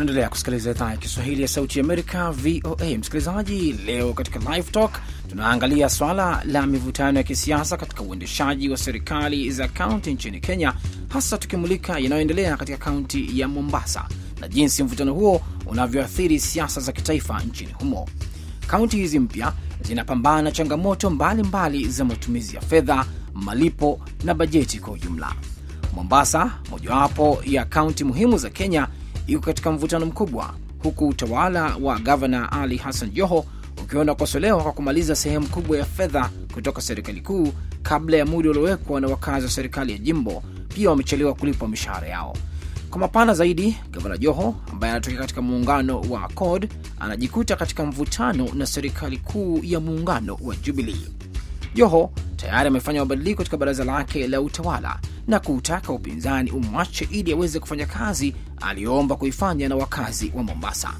Unaendelea kusikiliza idhaa ya Kiswahili ya Sauti ya Amerika, VOA. Msikilizaji, leo katika Live Talk tunaangalia swala la mivutano ya kisiasa katika uendeshaji wa serikali za kaunti nchini Kenya, hasa tukimulika yanayoendelea katika kaunti ya Mombasa na jinsi mvutano huo unavyoathiri siasa za kitaifa nchini humo. Kaunti hizi mpya zinapambana changamoto mbalimbali mbali za matumizi ya fedha, malipo na bajeti kwa ujumla. Mombasa, mojawapo ya kaunti muhimu za Kenya, iko katika mvutano mkubwa, huku utawala wa gavana Ali Hassan Joho ukiwa unakosolewa kwa kumaliza sehemu kubwa ya fedha kutoka serikali kuu kabla ya muda uliowekwa, na wakazi wa serikali ya jimbo pia wamechelewa kulipwa mishahara yao. Kwa mapana zaidi, gavana Joho ambaye anatokea katika muungano wa CORD anajikuta katika mvutano na serikali kuu ya muungano wa Jubilee. Joho tayari amefanya mabadiliko katika baraza lake la utawala na kuutaka upinzani umwache ili aweze kufanya kazi aliyoomba kuifanya na wakazi wa Mombasa.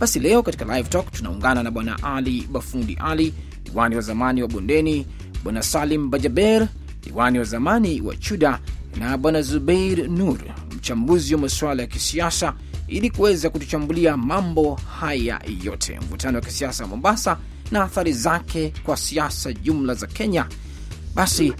Basi leo katika Live Talk tunaungana na Bwana Ali Bafundi Ali, diwani wa zamani wa Bondeni, Bwana Salim Bajaber, diwani wa zamani wa Chuda, na Bwana Zubeir Nur, mchambuzi wa masuala ya kisiasa, ili kuweza kutuchambulia mambo haya yote, mvutano wa kisiasa wa Mombasa na athari zake kwa siasa jumla za Kenya. Basi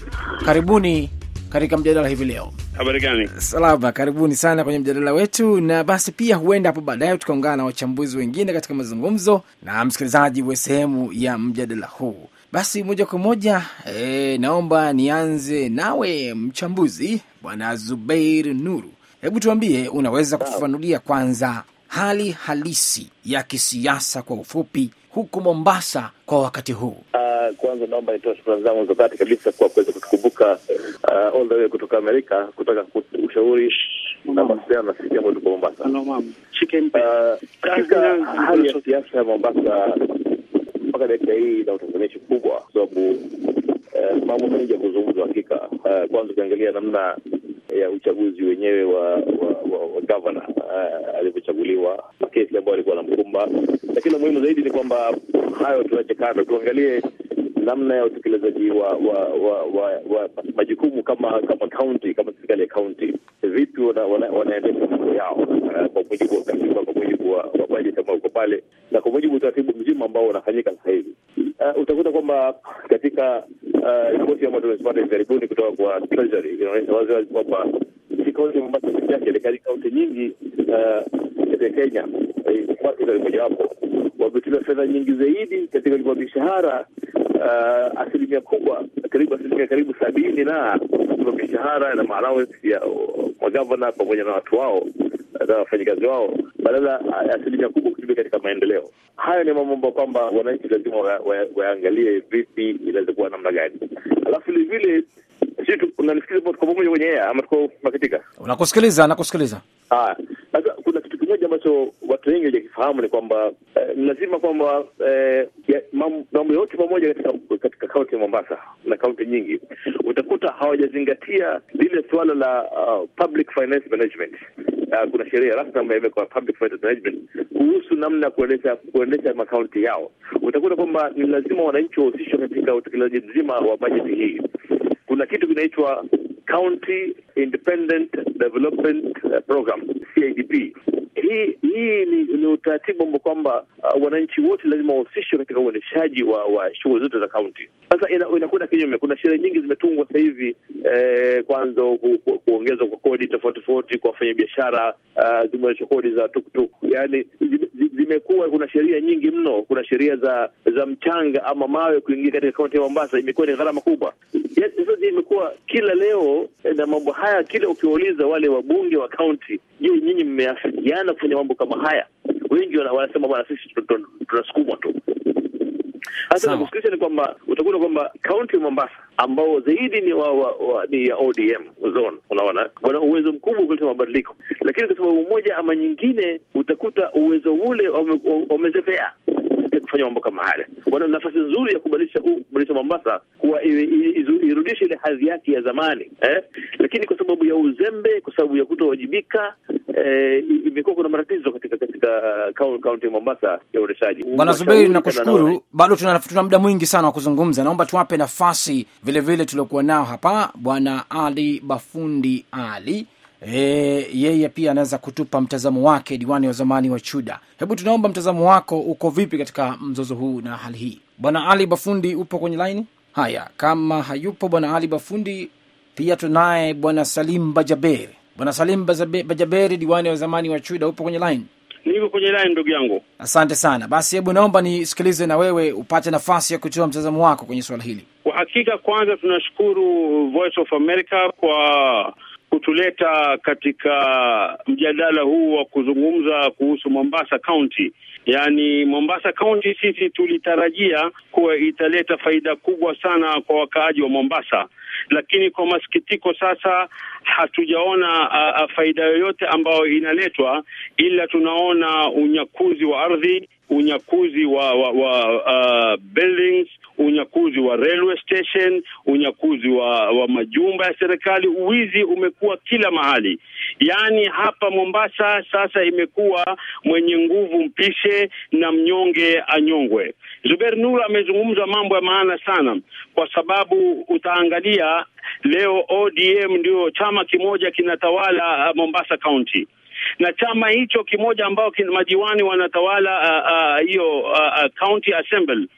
karibuni katika mjadala hivi leo. Habari gani? Salama, karibuni sana kwenye mjadala wetu, na basi pia huenda hapo baadaye tukaungana na wachambuzi wengine katika mazungumzo na msikilizaji wa sehemu ya mjadala huu. Basi moja kwa moja e, naomba nianze nawe mchambuzi Bwana Zubeir Nuru, hebu tuambie, unaweza kutufanulia kwanza hali halisi ya kisiasa kwa ufupi huko Mombasa kwa wakati huu? Uh, kwanza naomba nitoa shukrani zangu za dhati kabisa kwa kuweza kutukumbuka uh, all the way kutoka Amerika kutaka ushauri na mawasiliano na sisi ambao tuko Mombasa. Ah, katika hali ya siasa ya Mombasa mpaka dakika hii ina utanganishi kubwa kwa sababu eh, mambo mengi ya kuzungumza. Hakika kwanza ukiangalia namna ya uchaguzi wenyewe wa wa, wa, wa gavana uh, eh, alivyochaguliwa, kesi ambayo alikuwa anamkumba. Lakini la muhimu zaidi ni kwamba hayo tuache kando, tuangalie namna ya utekelezaji wa wa, wa, wa, wa majukumu kama kama kaunti, kama serikali ya kaunti, vipi wanaendesha mambo yao eh, kwa mujibu wa katiba, kwa mujibu wa bajeti ambayo uko pale na kwa mujibu wa utaratibu mzima ambao unafanyika sasa hivi uh, utakuta kwamba katika uh, ripoti uh, ambayo karibuni kutoka kwa Treasury inaonyesha waziwazi kwamba si kaunti ya Mombasa peke yake, lakini kaunti nyingi uh, katika Kenya, Mombasa uh, ni mojawapo, wametumia fedha nyingi zaidi katika kulipa mishahara uh, asilimia kubwa, karibu asilimia karibu sabini na kulipa mishahara na maalawensi ya magavana pamoja na watu wao wafanyakazi wao, badala asilimia kubwa kutumia katika maendeleo. Hayo ni mambo ambayo kwamba wananchi lazima waangalie vipi inaweza kuwa namna gani, alafu vilevile unanisikiliza tuko pamoja kwenye ea ama tuko makatika? Nakusikiliza, nakusikiliza. Haya, sasa kuna kitu kimoja ambacho watu wengi hawajakifahamu ni kwamba eh, lazima kwamba eh, mambo yote pamoja katika kaunti ya Mombasa na kaunti nyingi utakuta hawajazingatia lile suala la uh, public finance management uh, kuna sheria rasmi ambayo imewekwa public finance management kuhusu namna ya kuendesha kuendesha makaunti yao. Utakuta kwamba ni lazima wananchi wahusishwe katika utekelezaji mzima wa bajeti hii. Kuna kitu kinaitwa county Independent Development eh, Program, CIDP. Hii ni, ni utaratibu ambao kwamba uh, wananchi wote lazima wahusishwe katika uendeshaji wa, wa shughuli zote za kaunti. Sasa inakwenda kinyume. Kuna sheria nyingi zimetungwa sasa hivi eh, kwanza kuongezwa kwa kodi tofauti tofauti kwa wafanyabiashara uh, eh, zimeonyesha kodi za tuktuk, yaani zimekuwa kuna sheria nyingi mno. Kuna sheria za za mchanga ama mawe kuingia katika kaunti ya Mombasa, imekuwa ni gharama kubwa. Yaani, sasa imekuwa kila leo na mambo haya haya, kile ukiwauliza wale wabunge wa kaunti, je, nyinyi mmeafikiana kufanya mambo kama haya? Wengi wanasema bwana, sisi tunasukumwa tu. Hasa la ni kwamba utakuta kwamba kaunti ya Mombasa ambao zaidi ni wa, wa, wa, ni ya ODM zone, unaona wana uwezo mkubwa kuleta mabadiliko, lakini kwa sababu moja ama nyingine utakuta uwezo ule wamezembea kufanya mambo kama haya. Kwa hiyo nafasi nzuri ya kubadilisha kubadilisha Mombasa kuwa irudishe ile hadhi yake ya zamani eh? Lakini kwa sababu ya uzembe, kwa sababu ya kutowajibika eh, imekuwa kuna matatizo katika katika kaunti ya Mombasa ya uendeshaji. Bwana Zuberi, nakushukuru. Bado tuna tuna muda mwingi sana wa kuzungumza, naomba tuwape nafasi vilevile tuliokuwa nao hapa, Bwana Ali Bafundi Ali e, yeye pia anaweza kutupa mtazamo wake, diwani wa zamani wa Chuda. Hebu tunaomba mtazamo wako, uko vipi katika mzozo huu na hali hii? Bwana Ali Bafundi, upo kwenye laini? Haya, kama hayupo Bwana Ali Bafundi, pia tunaye Bwana Salim Bajaberi. Bwana Salim Bajaberi, diwani wa zamani wa Chuda, upo kwenye line? Niko kwenye line ndugu yangu. Asante sana. Basi hebu naomba nisikilize na wewe upate nafasi ya kutoa mtazamo wako kwenye suala hili. Kwa hakika, kwanza tunashukuru Voice of America kwa kutuleta katika mjadala huu wa kuzungumza kuhusu Mombasa County. Yaani, Mombasa County sisi tulitarajia kuwa italeta faida kubwa sana kwa wakaaji wa Mombasa, lakini kwa masikitiko sasa hatujaona a, a, faida yoyote ambayo inaletwa, ila tunaona unyakuzi wa ardhi, unyakuzi wa, wa, wa uh, buildings unyakuzi wa railway station, unyakuzi wa, wa majumba ya serikali. Uwizi umekuwa kila mahali, yaani hapa Mombasa sasa imekuwa mwenye nguvu mpishe na mnyonge anyongwe. Zuber Nur amezungumza mambo ya maana sana, kwa sababu utaangalia leo ODM ndio chama kimoja kinatawala uh, Mombasa County na chama hicho kimoja ambao majiwani wanatawala uh, uh, hiyo uh, uh, uh, county assembly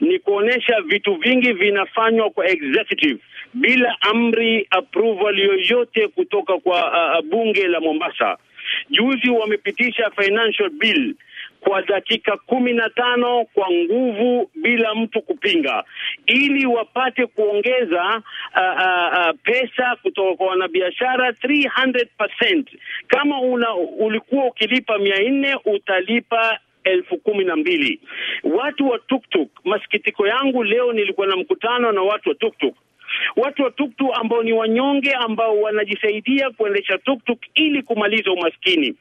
ni kuonyesha vitu vingi vinafanywa kwa executive bila amri approval yoyote kutoka kwa uh, uh, bunge la Mombasa. Juzi wamepitisha financial bill kwa dakika kumi na tano kwa nguvu bila mtu kupinga, ili wapate kuongeza uh, uh, uh pesa kutoka kwa wanabiashara 300%. Kama una, ulikuwa ukilipa mia nne utalipa elfu kumi na mbili. Watu wa tuktuk, masikitiko yangu leo nilikuwa na mkutano na watu wa tuktuk watu wa tuktuk ambao ni wanyonge ambao wanajisaidia kuendesha tuktuk ili kumaliza umaskini.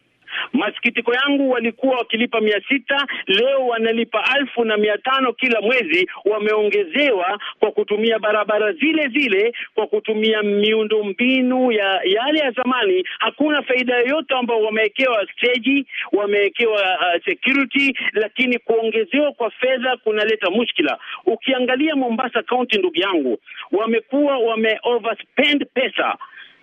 Masikitiko yangu walikuwa wakilipa mia sita, leo wanalipa alfu na mia tano kila mwezi, wameongezewa kwa kutumia barabara zile zile, kwa kutumia miundo mbinu ya yale ya zamani. Hakuna faida yoyote ambao wamewekewa steji, wamewekewa uh, security, lakini kuongezewa kwa fedha kunaleta mushkila. Ukiangalia Mombasa County, ndugu yangu, wamekuwa wame overspend pesa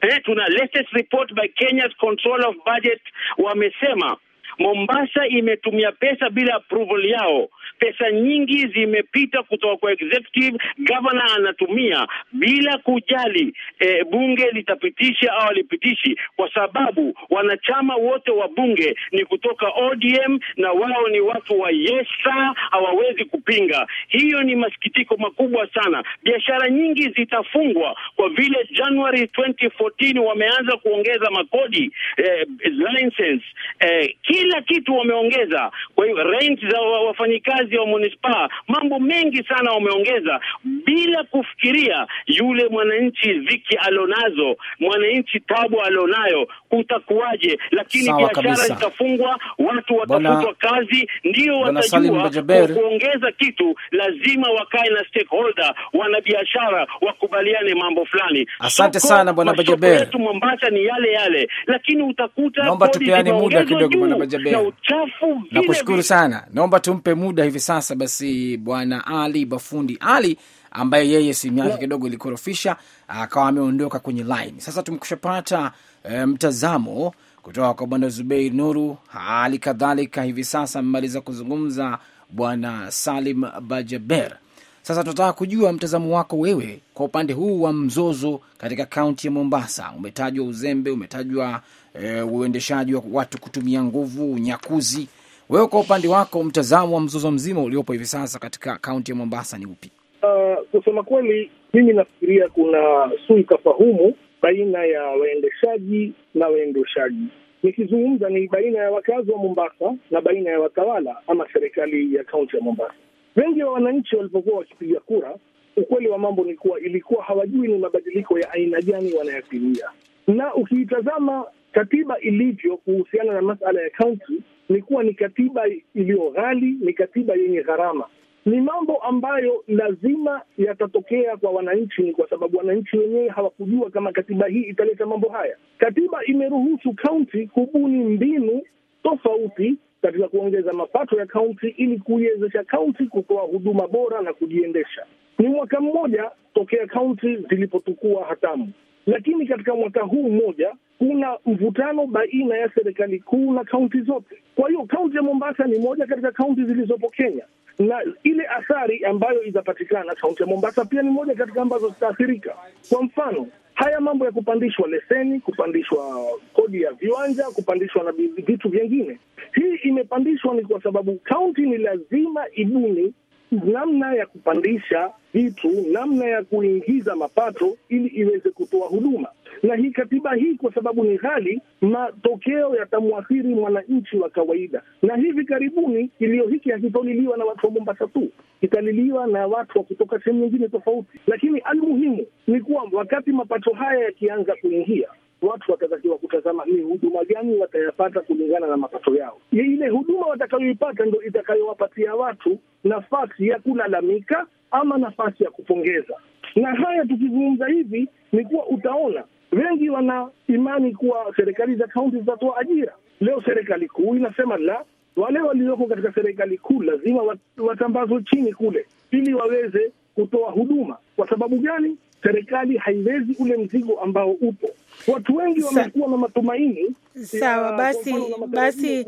Eh, tuna latest report by Kenya's Control of Budget wamesema Mombasa imetumia pesa bila approval yao Pesa nyingi zimepita kutoka kwa executive, governor anatumia bila kujali e, bunge litapitisha au alipitishi, kwa sababu wanachama wote wa bunge ni kutoka ODM na wao ni watu wa yesa, hawawezi kupinga. Hiyo ni masikitiko makubwa sana. Biashara nyingi zitafungwa kwa vile January 2014 wameanza kuongeza makodi eh, license eh, kila kitu wameongeza. Kwa hiyo rent za wafanyikazi ngazi ya manispaa, mambo mengi sana wameongeza bila kufikiria yule mwananchi dhiki alonazo, mwananchi tabu alonayo, kutakuwaje? Lakini biashara zitafungwa, watu watafutwa kazi, ndio watajua kuongeza kitu. Lazima wakae na stakeholder, wanabiashara wakubaliane mambo fulani. Asante Soko, sana bwana Bajaber. Yetu Mombasa ni yale yale, lakini utakuta naomba tupeane muda kidogo bwana Bajaber na uchafu. Nakushukuru sana, naomba tumpe muda hivi hivi sasa basi bwana Ali Bafundi Ali ambaye yeye simu yake kidogo ilikorofisha akawa ameondoka kwenye line. Sasa tumekushapata e, eh, mtazamo kutoka kwa bwana Zubeir Nuru, hali kadhalika hivi sasa amemaliza kuzungumza bwana Salim Bajaber. Sasa tunataka kujua mtazamo wako wewe kwa upande huu wa mzozo katika kaunti ya Mombasa. Umetajwa uzembe, umetajwa e, uendeshaji wa watu kutumia nguvu, unyakuzi wewe kwa upande wako, mtazamo wa mzozo mzima uliopo hivi sasa katika kaunti ya Mombasa ni upi? Uh, kusema kweli, mimi nafikiria kuna sintofahamu baina ya waendeshaji na waendeshaji Nikizungumza ni baina ya wakazi wa Mombasa na baina ya watawala ama serikali ya kaunti ya Mombasa. Wengi wa wananchi walipokuwa wakipiga kura, ukweli wa mambo ni kuwa ilikuwa hawajui ni mabadiliko ya aina gani wanayapigia, na ukiitazama katiba ilivyo kuhusiana na masala ya kaunti, ni kuwa ni katiba iliyo ghali, ni katiba yenye gharama. Ni mambo ambayo lazima yatatokea kwa wananchi, ni kwa sababu wananchi wenyewe hawakujua kama katiba hii italeta mambo haya. Katiba imeruhusu kaunti kubuni mbinu tofauti katika kuongeza mapato ya kaunti ili kuiwezesha kaunti kutoa huduma bora na kujiendesha. Ni mwaka mmoja tokea kaunti zilipotukua hatamu. Lakini katika mwaka huu mmoja kuna mvutano baina ya serikali kuu na kaunti zote. Kwa hiyo kaunti ya Mombasa ni moja katika kaunti zilizopo Kenya, na ile athari ambayo itapatikana kaunti ya Mombasa pia ni moja katika ambazo zitaathirika. Kwa mfano haya mambo ya kupandishwa leseni, kupandishwa kodi ya viwanja, kupandishwa na vitu vyengine, hii imepandishwa ni kwa sababu kaunti ni lazima ibuni namna ya kupandisha vitu, namna ya kuingiza mapato ili iweze kutoa huduma. Na hii katiba hii, kwa sababu ni ghali, matokeo yatamwathiri mwananchi wa kawaida. Na hivi karibuni kilio hiki hakitoliliwa na watu wa Mombasa tu, kitaliliwa na watu wa kutoka sehemu nyingine tofauti. Lakini almuhimu ni kuwa wakati mapato haya yakianza kuingia watu watatakiwa kutazama ni huduma gani watayapata kulingana na mapato yao. Ile huduma watakayoipata ndo itakayowapatia watu nafasi ya kulalamika ama nafasi ya kupongeza. Na haya tukizungumza hivi, ni kuwa utaona wengi wana imani kuwa serikali za kaunti zitatoa ajira. Leo serikali kuu inasema la, wale walioko katika serikali kuu lazima watambazwe chini kule, ili waweze kutoa huduma. Kwa sababu gani? serikali haiwezi ule mzigo ambao upo. Watu wengi wamekuwa na matumaini. Sawa basi basi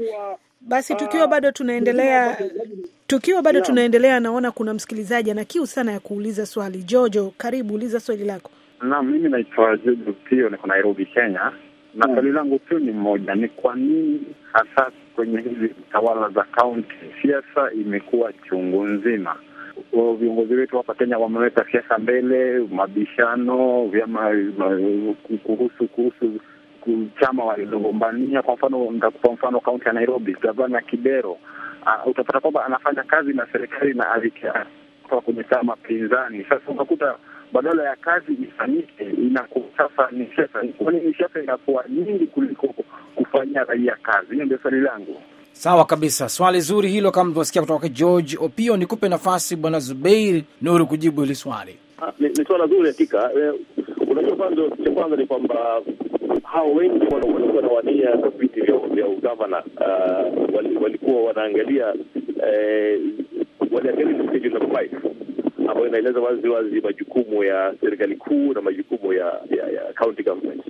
basi, ah, tukiwa bado tunaendelea tukiwa bado yeah, tunaendelea. Naona kuna msikilizaji ana kiu sana ya kuuliza swali. Jojo, karibu uliza swali lako. Naam, mimi naitwa Jojo Pio, niko Nairobi, Kenya na swali langu tu ni mmoja, ni kwa nini hasa kwenye hizi tawala za kaunti siasa imekuwa chungu nzima? viongozi wetu hapa Kenya wameweka siasa mbele, mabishano vyama kuhusu kuhusu chama walizogombania. Kwa mfano, nitakupa mfano kaunti ya Nairobi, gavana Kibero uh, utapata kwamba anafanya kazi na serikali na alikia kwenye chama pinzani. Sasa unakuta badala ya kazi ifanyike inakuwa sasa ni siasa, kwani ni siasa inakuwa nyingi kuliko kufanyia raia kazi. Hiyo ndio swali langu. Sawa kabisa, swali zuri hilo, kama livyosikia kutoka kwa George Opio. Nikupe nafasi Bwana Zubeir Nuru kujibu hili swali. Ah, ni swala zuri hakika. Eh, unajua, kwanza cha kwanza ni kwamba hao wengi walikuwa na wania viti vya ugavana ah, walikuwa wanaangalia eh, waliangalia Schedule Number Five ambayo inaeleza wazi wazi majukumu ya serikali kuu na majukumu ya ya county government.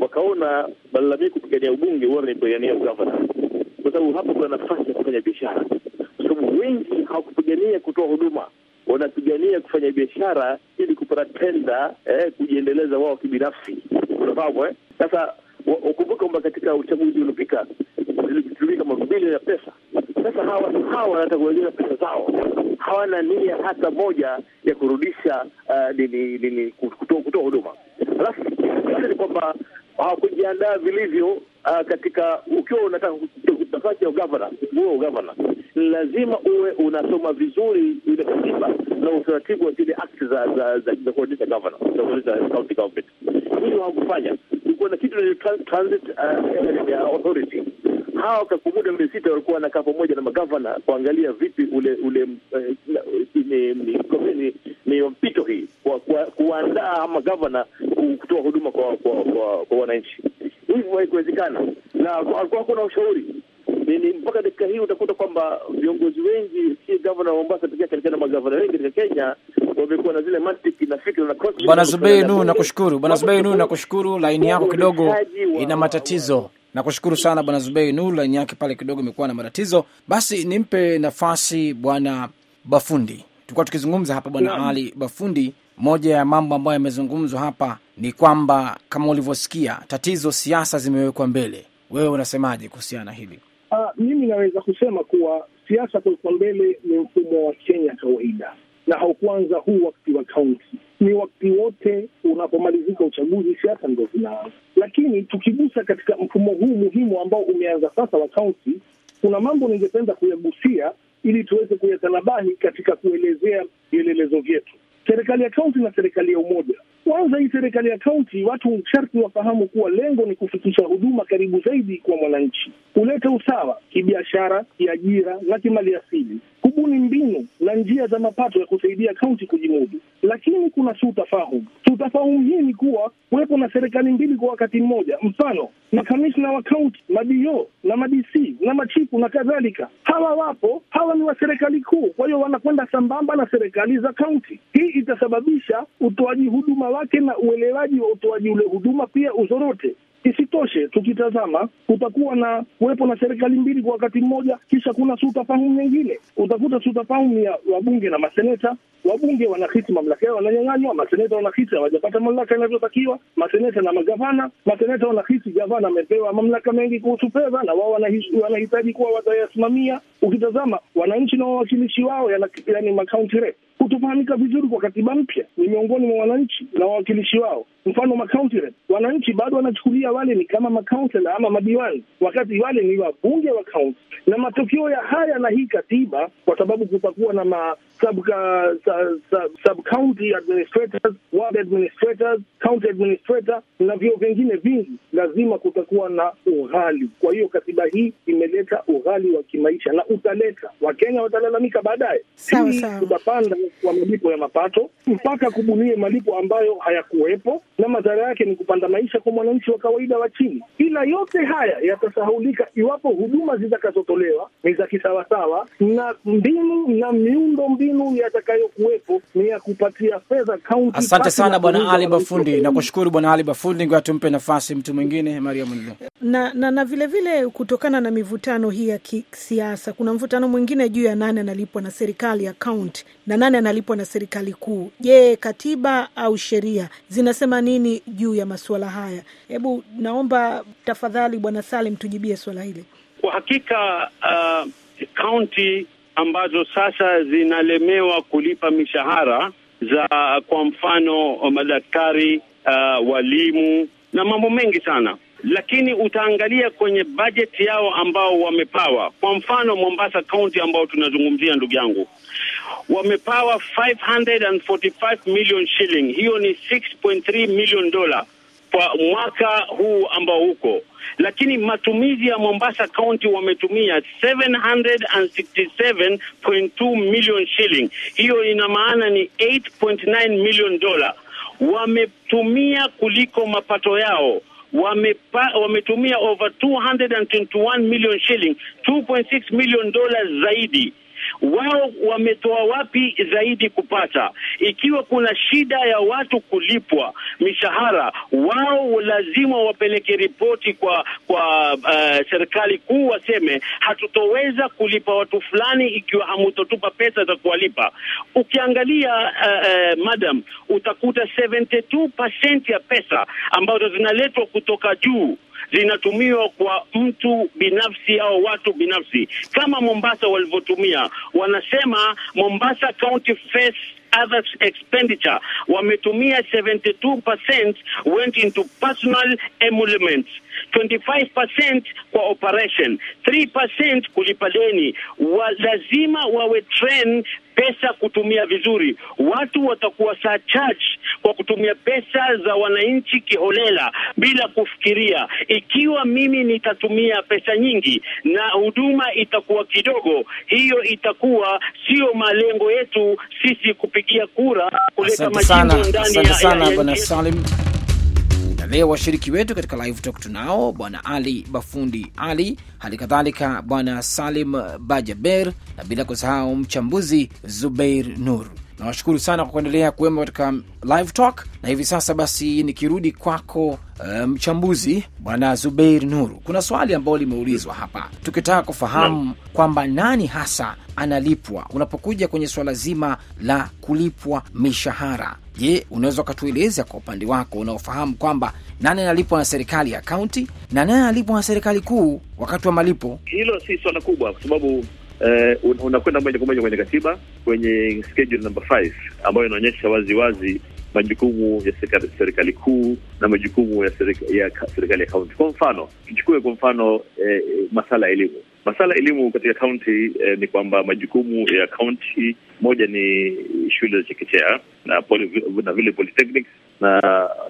Wakaona malalamiko kupigania ubunge huwa ni kupigania ugavana kwa sababu hapo kuna nafasi ya kufanya biashara, kwa sababu wengi hawakupigania kutoa huduma, wanapigania kufanya biashara ili kupata tenda, eh, kujiendeleza wao kibinafsi. Unafahamu eh? Sasa ukumbuke kwamba katika uchaguzi uliopita zilitumika mabilioni ya pesa. Sasa hawa hawa wanataka kuongeza pesa zao, hawana nia hata moja ya kurudisha uh, nini kutoa huduma. Halafu ni kwamba hawakujiandaa vilivyo uh, katika ukiwa unataka nafasi ya ugavana huo ugavana lazima uwe unasoma vizuri ile katiba na utaratibu wa zile akti za za za kuendesha gavana za kuendesha county government. Hiyo hawakufanya, kulikuwa na kitu ni transit uh, uh, authority. Hawa kwa muda miezi sita walikuwa wanakaa pamoja na magavana kuangalia vipi ule ule uh, ni ni ni mpito hii kwa kuandaa magavana kutoa huduma kwa kwa kwa wananchi hivyo haikuwezekana, na alikuwa hakuna ushauri nini. Mpaka dakika hii utakuta kwamba viongozi wengi, si gavana wa Mombasa pekee magavana wengi katika Kenya wamekuwa na zile mantiki na fikra na kosi. Bwana Zubeinu, nakushukuru. Bwana nakushukuru, laini yako kidogo ina matatizo. Nakushukuru sana Bwana Zubei Nur, laini yake pale kidogo imekuwa na matatizo. Basi nimpe nafasi Bwana Bafundi. Tulikuwa tukizungumza hapa Bwana Ali Bafundi, moja ya mambo ambayo yamezungumzwa hapa ni kwamba kama ulivyosikia, tatizo siasa zimewekwa mbele. Wewe unasemaje kuhusiana na hili? Uh, mimi naweza kusema kuwa siasa kuwekwa mbele ni mfumo wa Kenya kawaida na haukuanza huu wakati wa kaunti. Ni wakati wote unapomalizika uchaguzi, siasa ndo zinaanza. Lakini tukigusa katika mfumo huu muhimu ambao umeanza sasa wa kaunti, kuna mambo ningependa kuyagusia ili tuweze kuyatanabahi katika kuelezea vielelezo vyetu. Serikali ya kaunti na serikali ya umoja kwanza hii serikali ya kaunti, watu sharti wafahamu kuwa lengo ni kufikisha huduma karibu zaidi kwa mwananchi, kuleta usawa kibiashara, kiajira na kimaliasili, kubuni mbinu na njia za mapato ya kusaidia kaunti kujimudu. Lakini kuna sutafahumu. Sutafahumu hii ni kuwa kuwepo na serikali mbili kwa wakati mmoja, mfano makamishna wa kaunti, madio na madc na machifu na kadhalika. Hawa wapo, hawa ni wa serikali kuu, kwa hiyo wanakwenda sambamba na serikali za kaunti. Hii itasababisha utoaji huduma wake na uelewaji wa utoaji ule huduma pia uzorote. Isitoshe, tukitazama kutakuwa na kuwepo na serikali mbili kwa wakati mmoja, kisha kuna sintofahamu nyingine. Utakuta sintofahamu ya wabunge na maseneta. Wabunge wanahisi mamlaka yao, wananyang'anywa. Maseneta wanahisi hawajapata mamlaka inavyotakiwa. Maseneta na magavana, maseneta wanahisi gavana amepewa mamlaka mengi kuhusu fedha, na wao wanahitaji kuwa watayasimamia. Ukitazama wananchi na wawakilishi wao, yaani makaunti rep kutofahamika vizuri kwa katiba mpya ni miongoni mwa wananchi na wawakilishi wao. Mfano makaunti rep, wananchi bado wanachukulia kuona wale ni kama makansela ama madiwani, wakati wale ni wabunge wa kaunti. Na matokeo ya haya na hii katiba, kwa sababu kutakuwa na ma sub, uh, sub, sub county administrators, ward administrators, county administrator na vio vingine vingi, lazima kutakuwa na ughali. Kwa hiyo katiba hii imeleta ughali wa kimaisha na utaleta, Wakenya watalalamika baadaye. Hii tutapanda kwa malipo ya mapato mpaka kubunie malipo ambayo hayakuwepo, na madhara yake ni kupanda maisha kwa mwananchi wa kawaida wa chini. Ila yote haya yatasahaulika iwapo huduma zitakazotolewa ni za kisawasawa na mbinu na miundo mbinu mbinu yatakayokuwepo ni ya kupatia fedha kaunti. Asante sana Bwana Ali Bafundi, nakushukuru Bwana Ali Bafundi, ngoja tumpe nafasi mtu mwingine Maria Mwindo. Na, na, na vile vile kutokana na mivutano hii ya kisiasa, kuna mvutano mwingine juu ya nani analipwa na serikali ya kaunti na nani analipwa na serikali kuu. Je, katiba au sheria zinasema nini juu ya masuala haya? Hebu naomba tafadhali Bwana Salim tujibie swala hili. Kwa hakika uh, kaunti ambazo sasa zinalemewa kulipa mishahara za kwa mfano madaktari, uh, walimu na mambo mengi sana, lakini utaangalia kwenye bajeti yao ambao wamepawa. Kwa mfano Mombasa County ambao tunazungumzia, ndugu yangu, wamepawa 545 million shilling, hiyo ni 6.3 million dola kwa mwaka huu ambao uko, lakini matumizi ya Mombasa County wametumia 767.2 million shilling, hiyo ina maana ni 8.9 million dola wametumia kuliko mapato yao wamepa, wametumia over 221 million shilling 2.6 million dollars zaidi wao wametoa wapi zaidi kupata? Ikiwa kuna shida ya watu kulipwa mishahara, wao lazima wapeleke ripoti kwa kwa uh, serikali kuu, waseme hatutoweza kulipa watu fulani ikiwa hamutotupa pesa za kuwalipa. Ukiangalia uh, uh, madam, utakuta 72% ya pesa ambazo zinaletwa kutoka juu zinatumiwa kwa mtu binafsi au watu binafsi, kama Mombasa walivyotumia wanasema Mombasa County face other expenditure wametumia 72% went into personal emoluments 25% kwa operation 3% kulipa deni wa lazima wawe train pesa kutumia vizuri. Watu watakuwa charge kwa kutumia pesa za wananchi kiholela bila kufikiria. Ikiwa mimi nitatumia pesa nyingi na huduma itakuwa kidogo, hiyo itakuwa sio malengo yetu sisi kupigia kura kuleta majibu ndani ya, ya, ya, ya, ya, ya, ya, ya, ya leo washiriki wetu katika live talk tunao bwana Ali Bafundi Ali, hali kadhalika bwana Salim Bajaber na bila kusahau mchambuzi Zubeir Nur. Nawashukuru sana kwa kuendelea kuwemo katika live talk, na hivi sasa basi nikirudi kwako eh, mchambuzi um, bwana Zubeir Nuru, kuna swali ambayo limeulizwa hapa tukitaka kufahamu kwamba nani hasa analipwa unapokuja kwenye swala zima la kulipwa mishahara. Je, unaweza ukatueleza kwa upande wako unaofahamu kwamba nani analipwa na serikali ya kaunti na nani analipwa na serikali kuu wakati wa malipo? Hilo si swala kubwa, kwa sababu uh, unakwenda moja kwa moja kwenye katiba, kwenye schedule number 5 ambayo inaonyesha wazi wazi majukumu ya serikali, kuu na majukumu ya serikali ya, serikali ya kaunti. Kwa mfano tuchukue kwa mfano eh, masala ya elimu. Masala ya elimu katika kaunti eh, ni kwamba majukumu ya kaunti moja ni shule za chekechea na, na vile polytechnics na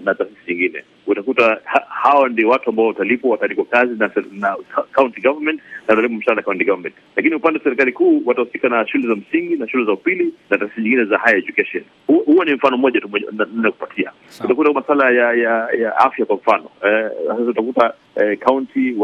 na taasisi nyingine utakuta ha, hawa ndio watu ambao watalipwa, watalipwa kazi na, na county government na watalipwa mshahara county government, lakini upande wa serikali kuu watahusika na shule za msingi na shule za upili na taasisi nyingine za higher education. Huo ni mfano mmoja tu ninakupatia. Utakuta masala ya ya, ya afya kwa mfano eh, sasa, utakuta eh, county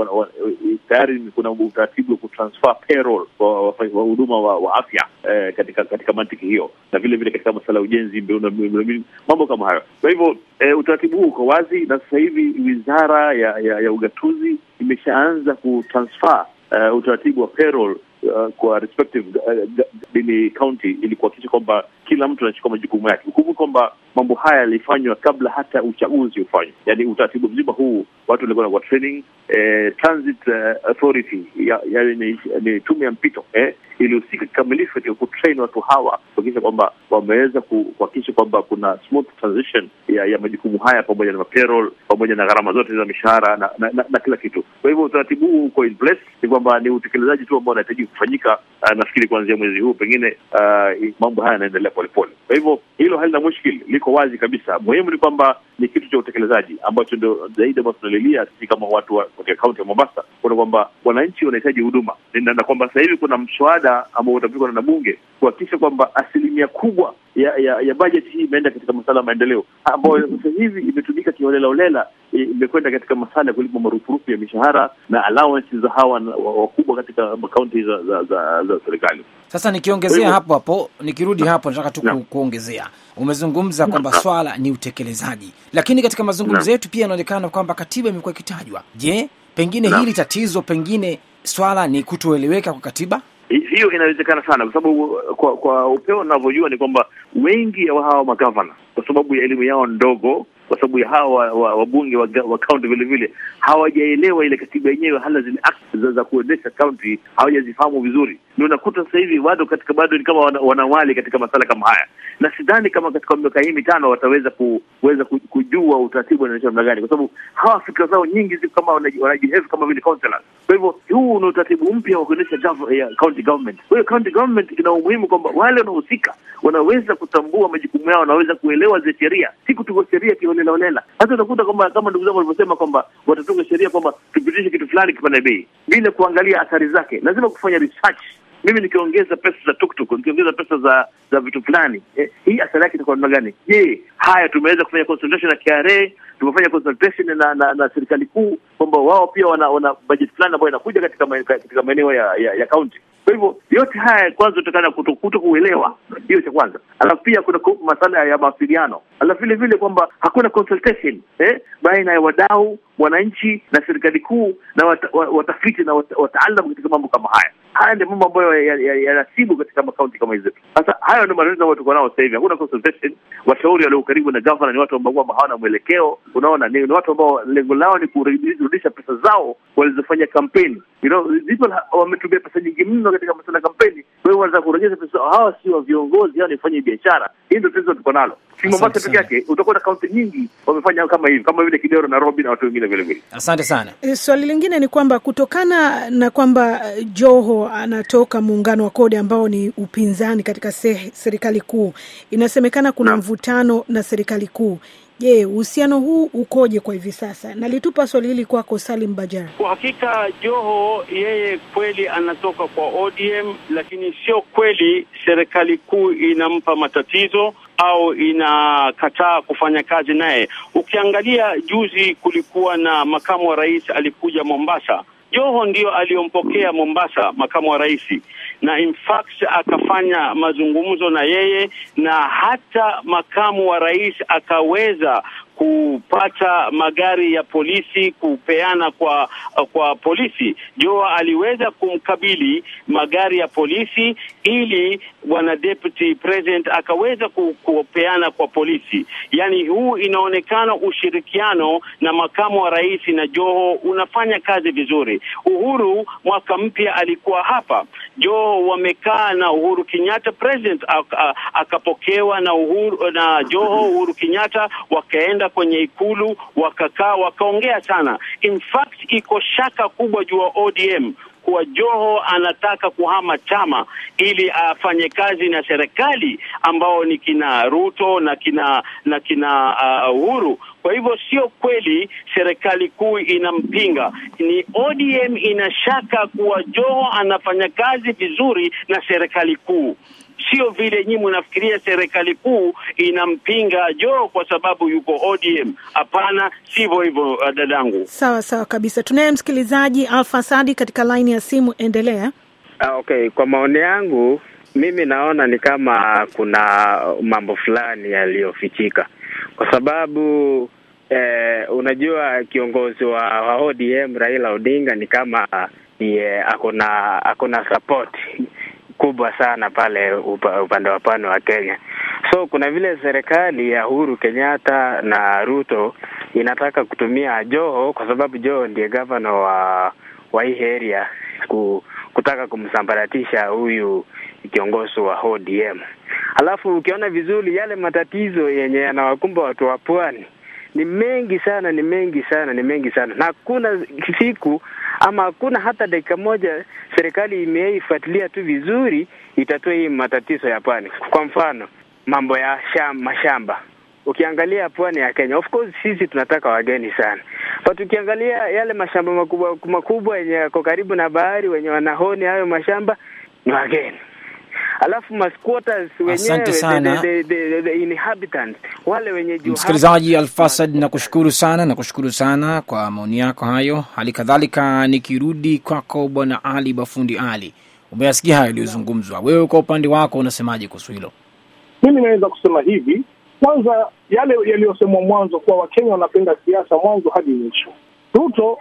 tayari kuna utaratibu wa kutransfer payroll kwa wahuduma wa, wa afya eh, katika katika mantiki hiyo, na vile vile katika masala ya ujenzi, miundombinu, mambo kama hayo. Kwa hivyo eh, utaratibu huu uko wazi na na sasa hivi wizara ya, ya, ya ugatuzi imeshaanza kutransfer uh, utaratibu wa payroll uh, kwa respective uh, county ili kuhakikisha kwamba kila mtu anachukua majukumu yake. Ukumbuke kwamba mambo haya yalifanywa kabla hata uchaguzi ufanywe, yaani utaratibu mzima huu watu walikuwa kwa training eh, transit uh, authority ya, ya, ni, ni tume ya mpito eh, ilihusika kikamilifu katika kutrain watu hawa kuhakikisha kwamba wameweza kuhakikisha kwamba kuna smooth transition ya, ya majukumu haya pamoja na payroll pamoja na gharama zote za mishahara na, na, na, na kila kitu. Kwa hivyo utaratibu huu uko in place, ni kwamba ni utekelezaji tu ambao unahitaji kufanyika. Uh, nafikiri kuanzia mwezi huu pengine uh, mambo haya yanaendelea Polepole. Kwa hivyo hilo halina mushkil, liko wazi kabisa. Muhimu ni kwamba ni kitu cha utekelezaji ambacho ndo zaidi ambao tunalilia sisi kama watu wa katika kaunti ya Mombasa, kuna kwamba wananchi wanahitaji huduma na kwamba sasa hivi kuna mswada ambao utapigwa na bunge kuhakikisha kwamba asilimia kubwa ya ya, ya bajeti hii imeenda katika masala ya maendeleo ambayo mm-hmm. sasa hivi imetumika kiholelaholela, imekwenda katika masala ya kulipa marupurupu ya mishahara na allowance za hawa wakubwa katika kaunti za, za, za, za serikali. Sasa nikiongezea hapo hapo, nikirudi hapo, nataka tu kuongezea umezungumza kwamba swala ni utekelezaji, lakini katika mazungumzo yetu pia inaonekana kwamba katiba imekuwa ikitajwa. Je, pengine na hili tatizo, pengine swala ni kutoeleweka kwa katiba? Hiyo inawezekana sana, kwa sababu kwa, kwa upeo unavyojua ni kwamba wengi wa hawa magavana kwa sababu ya elimu yao ndogo, kwa sababu ya hawa wabunge wa, wa kaunti vile vile hawajaelewa ile katiba yenyewe, hala zile za kuendesha kaunti hawajazifahamu vizuri ni unakuta sasa hivi bado katika bado ni kama wanawali katika masala kama haya, na sidhani kama katika miaka hii mitano wataweza kuweza kujua utaratibu na namna gani, kwa sababu hawa fikra zao nyingi ziko kama wanajiheve kama vile councillors. Kwa hivyo huu ni utaratibu mpya wa kuendesha eh, county government. Kwa hiyo county government ina umuhimu kwamba wale wanaohusika wanaweza kutambua majukumu yao, wanaweza kuelewa zile sheria, si kutunga sheria kiholela holela. Hata utakuta kwamba kama ndugu zangu walivyosema kwamba watatunga sheria kwamba tupitishe kitu fulani kipande bei bila kuangalia athari zake. Lazima kufanya research mimi nikiongeza pesa za tuktuk, nikiongeza pesa za za vitu fulani eh, hii athari yake itakuwa namna gani? Je, haya tumeweza kufanya consultation na KRA, tumefanya consultation na na, na serikali kuu kwamba wao pia wana, wana budget fulani ambayo inakuja katika katika maeneo ya ya, ya kaunti Kwa hivyo yote haya kwanza utakana kuto kuelewa, hiyo cha kwanza. Alafu pia kuna masala ya mawasiliano, alafu vile vile kwamba hakuna consultation eh, baina ya wadau, wananchi na serikali kuu na wat, watafiti na wataalam katika mambo kama haya haya ndio mambo ambayo yanasibu ya, ya katika makaunti kama hizo. Sasa hayo ndio matatizo ambayo tuko nao sasa hivi, hakuna concentration. Washauri walio karibu na governor ni watu ambao kwamba hawana mwelekeo. Unaona, ni watu ambao lengo lao ni kurudisha pesa zao walizofanya kampeni you know, people wametumia pesa nyingi mno katika masuala ya kampeni. Kwa hiyo wanataka kurejesha pesa. Hawa si wa viongozi, hao nifanye biashara. Hii ndio tatizo tuko nalo. Si Mombasa peke yake, utakuwa na kaunti nyingi wamefanya kama hivi, kama vile Kidero, Nairobi na watu wengine vilevile Asante sana. Eh, swali lingine ni kwamba kutokana na kwamba eh, Joho anatoka muungano wa Kodi ambao ni upinzani katika se, serikali kuu, inasemekana kuna na mvutano na serikali kuu. Je, uhusiano huu ukoje kwa hivi sasa? Nalitupa swali hili kwako Salim Bajar. Kwa hakika Joho yeye kweli anatoka kwa ODM, lakini sio kweli serikali kuu inampa matatizo au inakataa kufanya kazi naye. Ukiangalia juzi kulikuwa na makamu wa rais alikuja Mombasa Joho ndiyo aliyompokea Mombasa makamu wa rais, na in fact akafanya mazungumzo na yeye, na hata makamu wa rais akaweza kupata magari ya polisi kupeana kwa kwa polisi. Joa aliweza kumkabili magari ya polisi ili bwana deputy president akaweza kupeana kwa polisi. Yani huu inaonekana ushirikiano na makamu wa rais na Joho unafanya kazi vizuri. Uhuru mwaka mpya alikuwa hapa Joho, wamekaa na Uhuru Kenyatta president ak, akapokewa na Uhuru na Joho Uhuru Kenyatta wakaenda wakaenda kwenye Ikulu wakakaa wakaongea sana. In fact iko shaka kubwa juu ya ODM kuwa Joho anataka kuhama chama ili afanye kazi na serikali ambao ni kina Ruto na kina na kina uh, Uhuru. Kwa hivyo sio kweli serikali kuu inampinga, ni ODM inashaka kuwa Joho anafanya kazi vizuri na serikali kuu sio vile nyinyi mnafikiria serikali kuu inampinga Joho kwa sababu yuko ODM. Hapana, sivyo hivyo, uh, dadangu. Sawa sawa kabisa. Tunaye msikilizaji Alfa Sadi katika laini ya simu, endelea. Ah, okay, kwa maoni yangu mimi naona ni kama kuna mambo fulani yaliyofichika kwa sababu eh, unajua kiongozi wa, wa ODM Raila Odinga ni kama ye, eh, akona akona support kubwa sana pale upa, upande wa pwani wa Kenya. So kuna vile serikali ya Uhuru Kenyatta na Ruto inataka kutumia Joho kwa sababu Joho ndiye gavana wa wa hii area ku, kutaka kumsambaratisha huyu kiongozi wa ODM. Alafu ukiona vizuri yale matatizo yenye yanawakumba watu wa pwani ni mengi sana, ni mengi sana, ni mengi sana, na hakuna siku ama hakuna hata dakika moja serikali imeifuatilia tu vizuri itatoa hii matatizo ya pwani. Kwa mfano mambo ya sham, mashamba ukiangalia pwani ya Kenya, of course sisi tunataka wageni sana, but ukiangalia yale mashamba makubwa makubwa yenye yako karibu na bahari, wenye wanahoni hayo mashamba ni wageni alafu masquatters wenyewe the inhabitants wale wenye Msikilizaji Alfasad, nakushukuru sana, nakushukuru sana kwa maoni yako hayo. Hali kadhalika nikirudi kwako Bwana Ali Bafundi Ali, umeyasikia hayo yaliyozungumzwa, wewe kwa upande wako unasemaje kuhusu hilo? Mimi naweza kusema hivi, kwanza yale yaliyosemwa mwanzo kuwa Wakenya wanapenda siasa mwanzo hadi mwisho. Ruto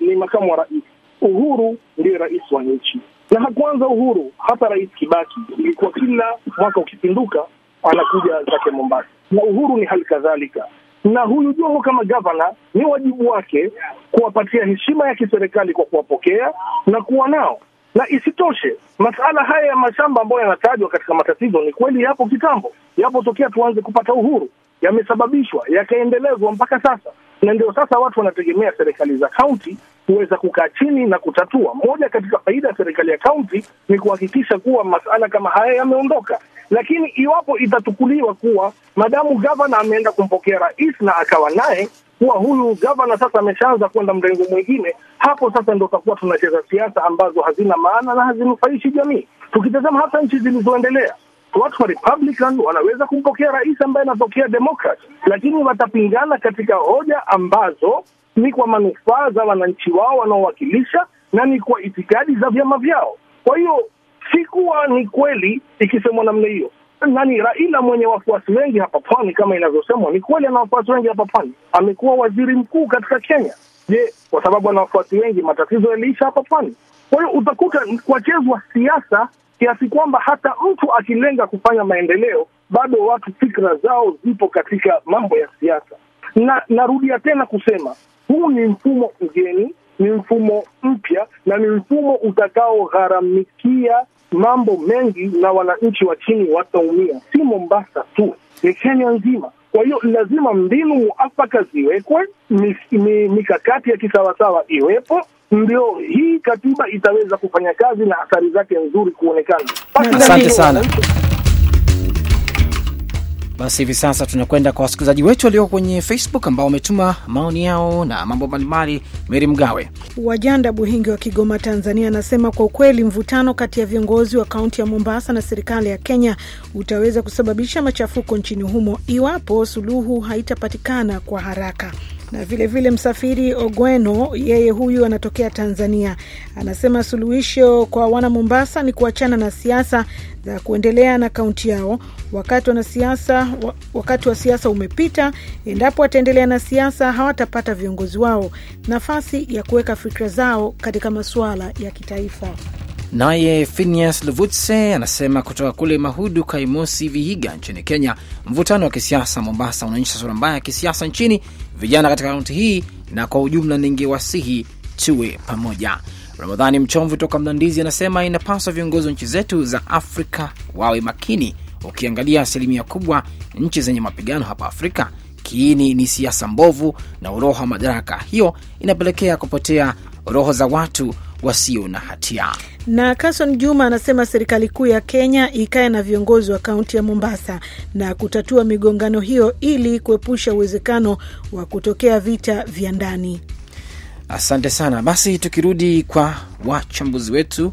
ni makamu wa rais Uhuru ndiye rais wa nchi, na hakuanza Uhuru, hata Rais Kibaki ilikuwa kila mwaka ukipinduka anakuja zake Mombasa, na Uhuru ni hali kadhalika. Na huyu Joho kama gavana, ni wajibu wake kuwapatia heshima ya kiserikali kwa kuwapokea na kuwa nao na isitoshe masala haya ya mashamba ambayo yanatajwa katika matatizo ni kweli yapo kitambo, yapo tokea tuanze kupata uhuru, yamesababishwa yakaendelezwa mpaka sasa, na ndio sasa watu wanategemea serikali za kaunti kuweza kukaa chini na kutatua. Moja katika faida ya serikali ya kaunti ni kuhakikisha kuwa masala kama haya yameondoka, lakini iwapo itatukuliwa kuwa madamu gavana ameenda kumpokea rais na akawa naye kuwa huyu gavana sasa ameshaanza kwenda mrengo mwingine, hapo sasa ndo takuwa tunacheza siasa ambazo hazina maana na hazinufaishi jamii. Tukitazama hata nchi zilizoendelea watu wa Republican wanaweza kumpokea rais ambaye anatokea Democrat, lakini watapingana katika hoja ambazo ni kwa manufaa za wananchi wao wanaowakilisha na ni kwa itikadi za vyama vyao. Kwa hiyo sikuwa ni kweli ikisemwa namna hiyo. Nani Raila mwenye wafuasi wengi hapa pwani, kama inavyosemwa, ni kweli ana wafuasi wengi hapa pwani. Amekuwa waziri mkuu katika Kenya. Je, kwa sababu ana wafuasi wengi matatizo yaliisha hapa pwani? Kwa hiyo utakuta kwachezwa siasa kiasi kwamba hata mtu akilenga kufanya maendeleo bado watu fikra zao zipo katika mambo ya siasa na narudia tena kusema huu ni mfumo mgeni, ni mfumo mpya na ni mfumo utakaogharamikia mambo mengi, na wananchi wa chini wataumia, si Mombasa tu, ni Kenya nzima. Kwa hiyo lazima mbinu muafaka ziwekwe, mikakati ya kisawasawa iwepo, ndio hii katiba itaweza kufanya kazi na athari zake nzuri kuonekana. Asante sana. Basi hivi sasa tunakwenda kwa wasikilizaji wetu walioko kwenye Facebook ambao wametuma maoni yao na mambo mbalimbali. Meri Mgawe Wajanda Buhingi wa Kigoma, Tanzania, anasema kwa ukweli mvutano kati ya viongozi wa kaunti ya Mombasa na serikali ya Kenya utaweza kusababisha machafuko nchini humo iwapo suluhu haitapatikana kwa haraka. Na vilevile vile Msafiri Ogweno, yeye huyu anatokea Tanzania, anasema suluhisho kwa wana Mombasa ni kuachana na siasa za kuendelea na kaunti yao. Wakati wanasiasa, wakati wa siasa umepita. Endapo wataendelea na siasa, hawatapata viongozi wao nafasi ya kuweka fikra zao katika masuala ya kitaifa. Naye Phineas Luvutse anasema kutoka kule Mahudu, Kaimosi, Vihiga nchini Kenya, mvutano wa kisiasa Mombasa unaonyesha sura mbaya ya kisiasa nchini vijana katika kaunti hii, na kwa ujumla ningewasihi tuwe pamoja. Ramadhani Mchomvu toka Mlandizi anasema inapaswa viongozi wa nchi zetu za Afrika wawe makini. Ukiangalia asilimia kubwa nchi zenye mapigano hapa Afrika, kiini ni siasa mbovu na uroho wa madaraka. Hiyo inapelekea kupotea roho za watu wasio na hatia. Na kason Juma anasema serikali kuu ya Kenya ikae na viongozi wa kaunti ya Mombasa na kutatua migongano hiyo ili kuepusha uwezekano wa kutokea vita vya ndani. Asante sana. Basi tukirudi kwa wachambuzi wetu,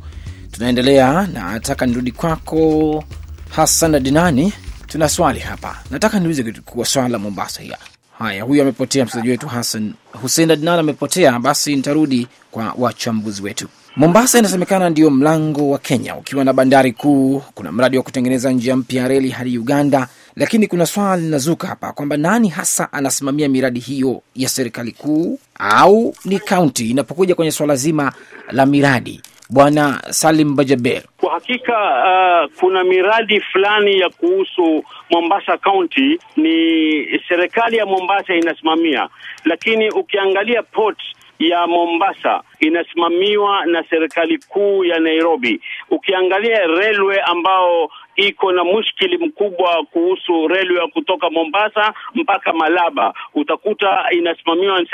tunaendelea na nataka nirudi kwako Hasan Adinani. Tuna swali hapa, nataka niulize kwa swala la Mombasa hiya Haya, huyu amepotea mchezaji wetu Hassan Hussein Adnan amepotea. Basi nitarudi kwa wachambuzi wetu. Mombasa inasemekana ndio mlango wa Kenya, ukiwa na bandari kuu. Kuna mradi wa kutengeneza njia mpya ya reli hadi Uganda, lakini kuna swala linazuka hapa kwamba nani hasa anasimamia miradi hiyo ya serikali kuu au ni kaunti, inapokuja kwenye swala zima la miradi Bwana Salim Bajaber. Kwa hakika uh, kuna miradi fulani ya kuhusu Mombasa County ni serikali ya Mombasa inasimamia, lakini ukiangalia port ya Mombasa inasimamiwa na serikali kuu ya Nairobi. Ukiangalia railway ambao iko na mushkili mkubwa kuhusu railway kutoka Mombasa mpaka Malaba, utakuta inasimamiwa na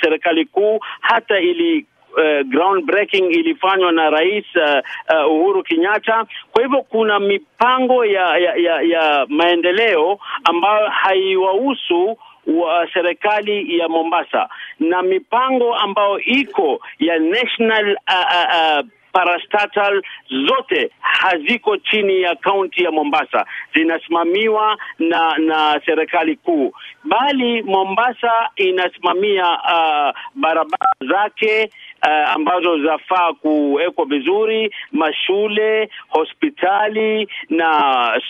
serikali kuu, hata ili eh, ground breaking ilifanywa na Rais uh, Uhuru Kenyatta. Kwa hivyo kuna mipango ya, ya, ya, ya maendeleo ambayo haiwahusu wa serikali ya Mombasa na mipango ambayo iko ya national uh, uh, uh, parastatal zote haziko chini ya kaunti ya Mombasa, zinasimamiwa na na serikali kuu, bali Mombasa inasimamia uh, barabara zake uh, ambazo zafaa kuwekwa vizuri, mashule, hospitali na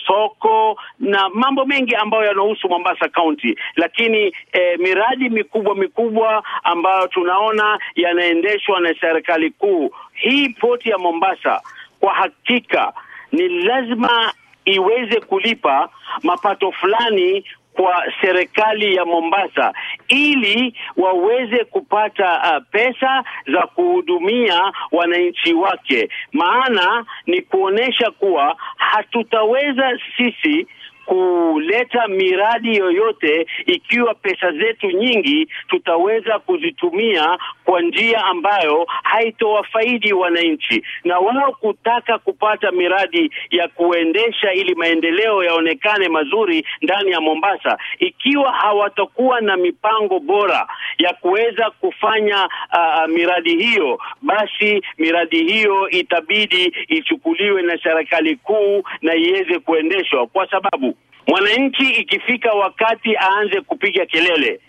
soko na mambo mengi ambayo yanahusu Mombasa County, lakini eh, miradi mikubwa mikubwa ambayo tunaona yanaendeshwa na serikali kuu, hii poti ya Mombasa kwa hakika ni lazima iweze kulipa mapato fulani kwa serikali ya Mombasa ili waweze kupata uh, pesa za kuhudumia wananchi wake, maana ni kuonesha kuwa hatutaweza sisi kuleta miradi yoyote, ikiwa pesa zetu nyingi tutaweza kuzitumia kwa njia ambayo haitowafaidi wananchi, na wao kutaka kupata miradi ya kuendesha ili maendeleo yaonekane mazuri ndani ya Mombasa, ikiwa hawatakuwa na mipango bora ya kuweza kufanya uh, miradi hiyo, basi miradi hiyo itabidi ichukuliwe na serikali kuu na iweze kuendeshwa kwa sababu Mwananchi ikifika wakati aanze kupiga kelele,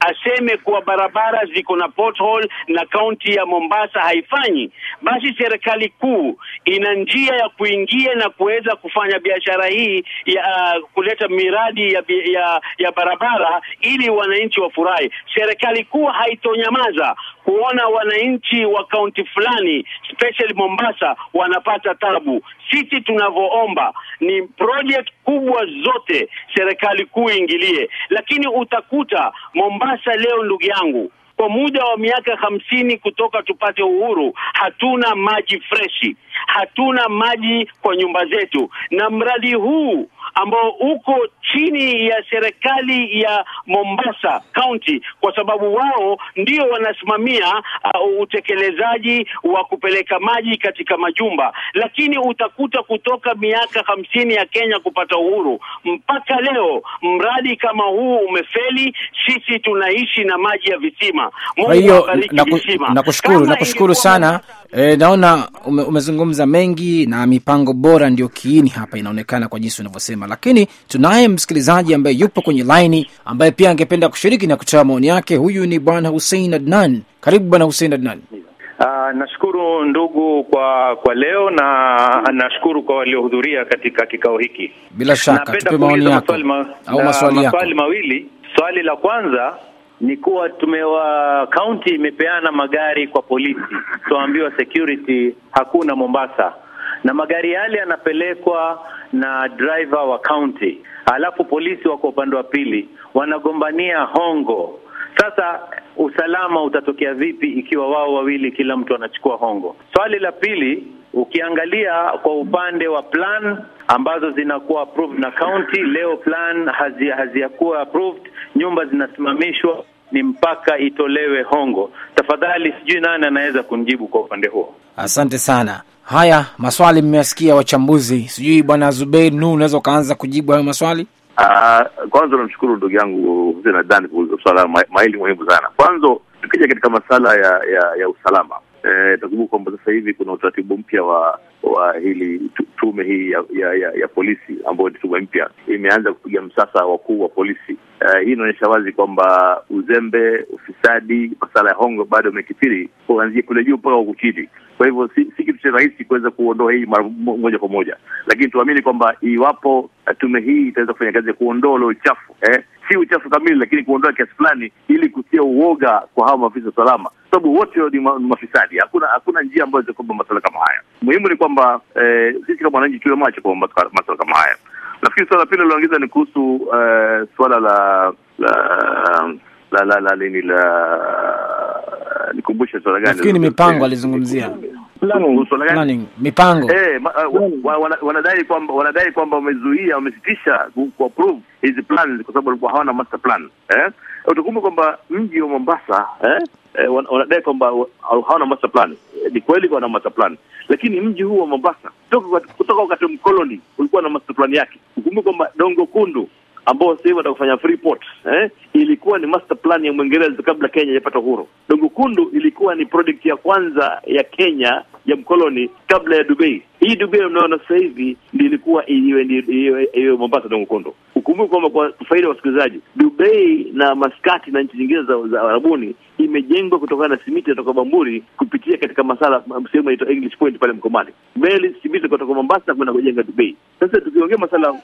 aseme kuwa barabara ziko na pothole na kaunti ya Mombasa haifanyi, basi serikali kuu ina njia ya kuingia na kuweza kufanya biashara hii ya uh, kuleta miradi ya, ya, ya barabara ili wananchi wafurahi. Serikali kuu haitonyamaza kuona wananchi wa kaunti fulani especially Mombasa wanapata tabu. Sisi tunavyoomba ni project kubwa zote serikali kuu ingilie, lakini utakuta Mombasa leo, ndugu yangu, kwa muda wa miaka hamsini kutoka tupate uhuru hatuna maji freshi, hatuna maji kwa nyumba zetu, na mradi huu ambao uko chini ya serikali ya Mombasa County, kwa sababu wao ndio wanasimamia uh, utekelezaji wa kupeleka maji katika majumba. Lakini utakuta kutoka miaka hamsini ya Kenya kupata uhuru mpaka leo mradi kama huu umefeli. Sisi tunaishi na maji ya visima. Kwa hiyo nakushukuru, nakushukuru sana. E, naona ume, umezungumza mengi na mipango bora ndio kiini hapa, inaonekana kwa jinsi unavyosema mzima. Lakini tunaye msikilizaji ambaye yupo kwenye laini ambaye pia angependa kushiriki na kutoa maoni yake. Huyu ni bwana husein Adnan. Karibu bwana husein Adnan. Uh, nashukuru ndugu kwa kwa leo na nashukuru kwa waliohudhuria katika kikao hiki. Bila shaka tupe maoni yako au maswali yako. Maswali mawili. Swali la kwanza ni kuwa tumewa kaunti imepeana magari kwa polisi, tunaambiwa security hakuna Mombasa, na magari yale yanapelekwa na driver wa county, alafu polisi wako upande wa pili, wanagombania hongo. Sasa usalama utatokea vipi ikiwa wao wawili kila mtu anachukua hongo? Swali la pili, ukiangalia kwa upande wa plan ambazo zinakuwa approved na county, leo plan hazijakuwa hazi approved, nyumba zinasimamishwa ni mpaka itolewe hongo. Tafadhali, sijui nani anaweza kunijibu kwa upande huo. Asante sana. Haya, maswali mmeyasikia wachambuzi, sijui bwana Zubeir nu, unaweza ukaanza kujibu hayo maswali. Uh, kwanza namshukuru ndugu yangu nadhani kuuliza swala maili muhimu sana. Kwanza tukija katika masala ya ya, ya usalama Itakumbuka eh, kwamba sasa hivi kuna utaratibu mpya wa wa hili tume hii ya, ya, ya, ya polisi ambayo ni tume mpya imeanza kupiga msasa wakuu wa polisi. Eh, hii inaonyesha wazi kwamba uzembe, ufisadi, masala ya hongo bado amekithiri kuanzia kule juu mpaka huku chini. Kwa hivyo si, si kitu cha rahisi kuweza kuondoa hii mara moja kwa moja, lakini tuamini kwamba iwapo eh, tume hii itaweza kufanya kazi ya kuondoa ule uchafu eh, si uchafu kamili, lakini kuondoa kiasi fulani, ili kutia uoga kwa hawa maafisa wa usalama, sababu wote ni mafisadi. Hakuna hakuna njia ambayo kwamba masuala kama haya. Muhimu ni kwamba eh, sisi kama wananchi tuwe macho kwa masuala kama haya. Nafikiri suala pili liloingiza ni kuhusu eh, suala la la la la la nini la nikumbushe suala gani? Nafikiri mipango alizungumzia eh, planning planning mipango eh, eh wanadai kwamba wanadai kwamba wamezuia wamesitisha ku approve hizi plans kwa sababu walikuwa hawana master plan eh utakumbuka kwamba mji wa Mombasa eh eh, wanadai kwamba hawana master plan. Eh, ni kweli wana master plan, lakini mji huu wa Mombasa kutoka wakati mkoloni ulikuwa na master plan yake. Ukumbuke kwamba Dongo Kundu ambao sasa hivi free port eh, ilikuwa ni master plan ya Mwingereza kabla Kenya haijapata uhuru. Dungukundu ilikuwa ni project ya kwanza ya Kenya ya mkoloni kabla ya Dubai. Hii Dubai unaona sasa hivi ndio ilikuwa iwe Mombasa Dungukundu. Kumbuka kwamba kwa faida ya wasikilizaji, Dubai na Maskati na nchi nyingine za, za Arabuni imejengwa kutokana na simiti kutoka Bamburi kupitia katika masala sehemu inaitwa English Point pale Mkomani, meli simiti kutoka Mombasa kwenda kujenga Dubai. Sasa tukiongea masala